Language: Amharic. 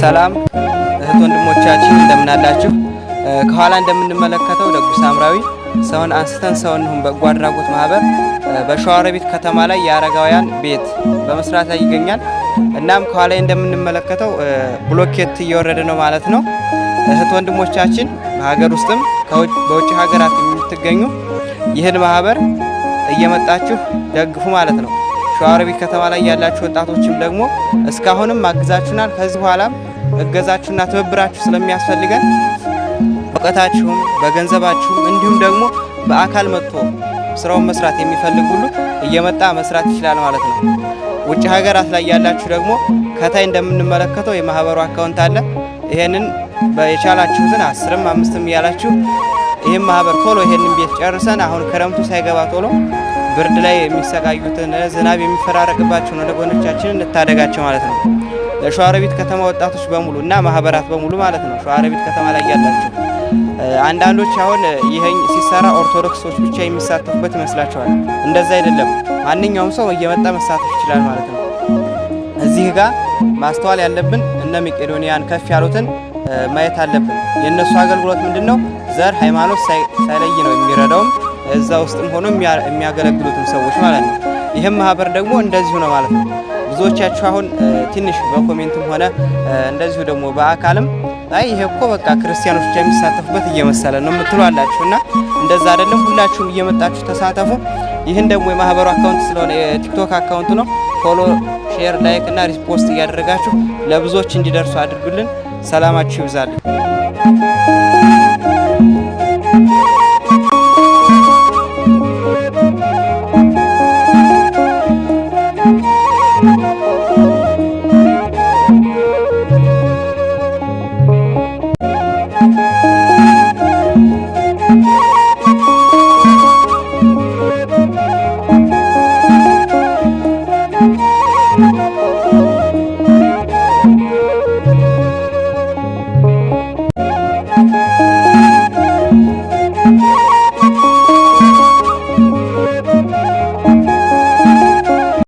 ሰላም እህት ወንድሞቻችን እንደምናላችሁ። ከኋላ እንደምንመለከተው ደጉ ሳምራዊ ሰውን አንስተን ሰውን እንሁን በጎ አድራጎት ማህበር በሸዋሮቢት ከተማ ላይ የአረጋውያን ቤት በመስራት ላይ ይገኛል። እናም ከኋላ እንደምንመለከተው ብሎኬት እየወረደ ነው ማለት ነው። እህት ወንድሞቻችን በሀገር ውስጥም በውጭ ሀገራት የምትገኙ ይህን ማህበር እየመጣችሁ ደግፉ ማለት ነው። ሸዋሮቢት ከተማ ላይ ያላችሁ ወጣቶችም ደግሞ እስካሁንም አግዛችሁናል። ከዚህ በኋላም እገዛችሁና ትብብራችሁ ስለሚያስፈልገን እውቀታችሁም በገንዘባችሁም እንዲሁም ደግሞ በአካል መጥቶ ስራውን መስራት የሚፈልግ ሁሉ እየመጣ መስራት ይችላል ማለት ነው። ውጭ ሀገራት ላይ ያላችሁ ደግሞ ከታይ እንደምንመለከተው የማህበሩ አካውንት አለ። ይሄንን የቻላችሁትን አስርም አምስትም እያላችሁ ይህም ማህበር ቶሎ ይሄንን ቤት ጨርሰን አሁን ክረምቱ ሳይገባ ቶሎ ብርድ ላይ የሚሰቃዩትን ዝናብ የሚፈራረቅባቸውን ወደ እንታደጋቸው ማለት ነው። ሸዋሮቢት ከተማ ወጣቶች በሙሉ እና ማህበራት በሙሉ ማለት ነው ሸዋሮቢት ከተማ ላይ ያላቸው አንዳንዶች አሁን ይሄን ሲሰራ ኦርቶዶክሶች ብቻ የሚሳተፉበት ይመስላቸዋል። እንደዛ አይደለም። ማንኛውም ሰው እየመጣ መሳተፍ ይችላል ማለት ነው። እዚህ ጋር ማስተዋል ያለብን እነ መቄዶንያን ከፍ ያሉትን ማየት አለብን። የእነሱ አገልግሎት ምንድን ነው? ዘር ሃይማኖት ሳይለይ ነው የሚረዳውም እዛ ውስጥም ሆኖ የሚያገለግሉትም ሰዎች ማለት ነው። ይህም ማህበር ደግሞ እንደዚሁ ነው ማለት ነው። ብዙዎቻችሁ አሁን ትንሽ በኮሜንትም ሆነ እንደዚሁ ደግሞ በአካልም አይ ይሄ እኮ በቃ ክርስቲያኖች ብቻ የሚሳተፉበት እየመሰለ ነው የምትሉ አላችሁ እና እንደዛ አይደለም። ሁላችሁም እየመጣችሁ ተሳተፉ። ይህን ደግሞ የማህበሩ አካውንት ስለሆነ የቲክቶክ አካውንት ነው። ፎሎ፣ ሼር፣ ላይክ እና ሪፖስት እያደረጋችሁ ለብዙዎች እንዲደርሱ አድርጉልን። ሰላማችሁ ይብዛልን።